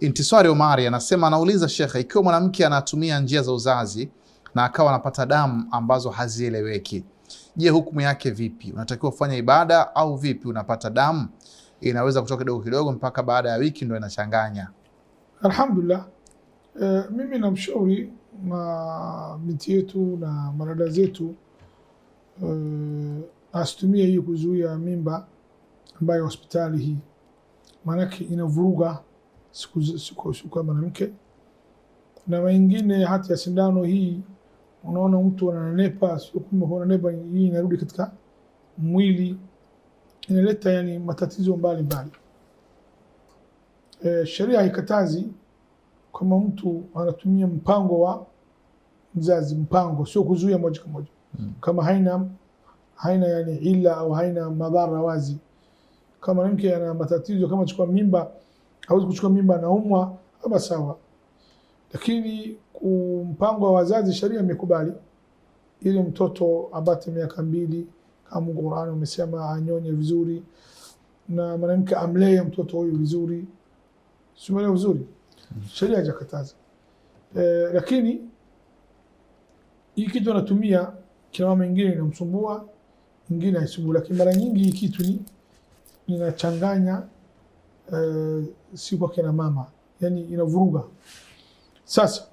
Intiswari Omari anasema, anauliza shekhe, ikiwa mwanamke anatumia njia za uzazi na akawa anapata damu ambazo hazieleweki, je, hukumu yake vipi? Unatakiwa kufanya ibada au vipi? Unapata damu inaweza kutoka kidogo kidogo mpaka baada ya wiki ndo inachanganya. Alhamdulillah. E, mimi namshauri na binti yetu na marada zetu e, asitumie hii kuzuia mimba ambayo hospitali hii, maanake inavuruga sikuwa mwanamke, na wengine hata ya sindano hii. Unaona mtu ananenepa, sio kumbe hunanepa, hii inarudi katika mwili, inaleta yani matatizo mbalimbali. E, eh, sheria haikatazi kama mtu anatumia mpango wa mzazi, mpango sio kuzuia moja kwa moja hmm. kama haina haina yani ila au haina madhara wazi. Kama mwanamke ana matatizo kama chukua mimba hawezi kuchukua mimba, anaumwa, ama sawa. Lakini mpango wa wazazi, sheria imekubali ili mtoto abate miaka mbili, kama Qur'ani umesema anyonye vizuri na mwanamke amlee mtoto huyu vizuri, simuelewa vizuri, sheria haijakataza. E, lakini hii kitu anatumia kina mama, ingine inamsumbua, ingine haisumbui, lakini mara nyingi hii kitu ni inachanganya uh, si kwa kina mama, yani inavuruga. Sasa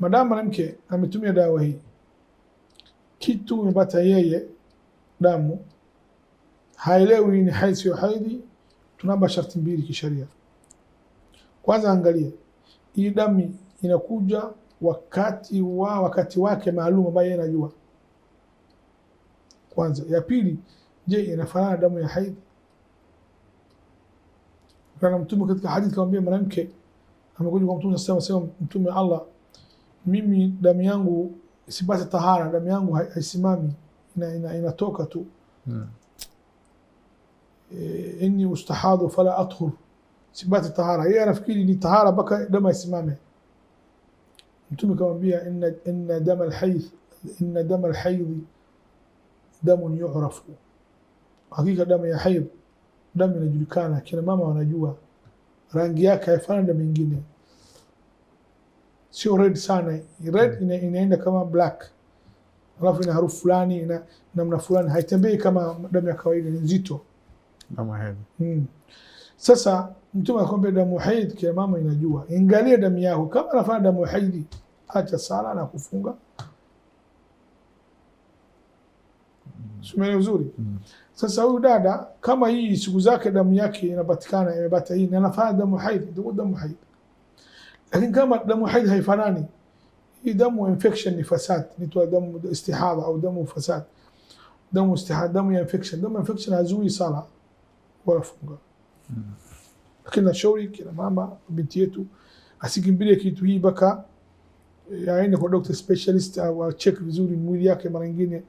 madamu mwanamke ametumia dawa hii, kitu imepata yeye, damu haelewi ni haidhi sio haidhi. Tunaomba sharti mbili kisheria. Kwanza angalia hii damu inakuja wakati wa wakati wake maalum ambaye anajua. Kwanza ya pili, je, inafanana damu ya haidhi? فلما تم كتك حديث كم بيه مرامك أما قلت لكم تم نستمع سيوم تم الله ميمي دميانغو سباس الطهارة دميانغو هاي سمامي إنا إنا إنا توكتو إني أستحاض فلا أطهر سباس الطهارة هي أنا فكيري إني طهارة بكا دم سمامي تم كم بيه إن إن دم الحيث إن دم الحيض دم يعرف حقيقة دم يا حيض damu inajulikana, kina mama wanajua rangi yake haifanani na ingine sio red sana. Red hmm. ina, inaenda kama black, alafu ina harufu fulani, na namna fulani, haitembei kama damu ya kawaida, ni nzito kama mm. Hmm. Sasa mtume akwambia damu haidhi kina mama inajua, ingalia damu yako kama anafanya damu haidi, acha sala na kufunga Umeelewa uzuri? Mm. Sasa huyu dada kama hii siku zake damu yake inapatikana imebata hii na anafanya damu haidhi, ndio damu haidhi. Lakini kama damu haidhi haifanani, hii damu infection ni fasad, ni tu damu istihadha au damu fasad. Damu istihadha, damu ya infection, damu infection hazui sala wala funga. Mm. Lakini nashauri kina mama binti yetu asikimbilie kitu hii baka eh, aende kwa doctor specialist au check vizuri mwili yake mara nyingine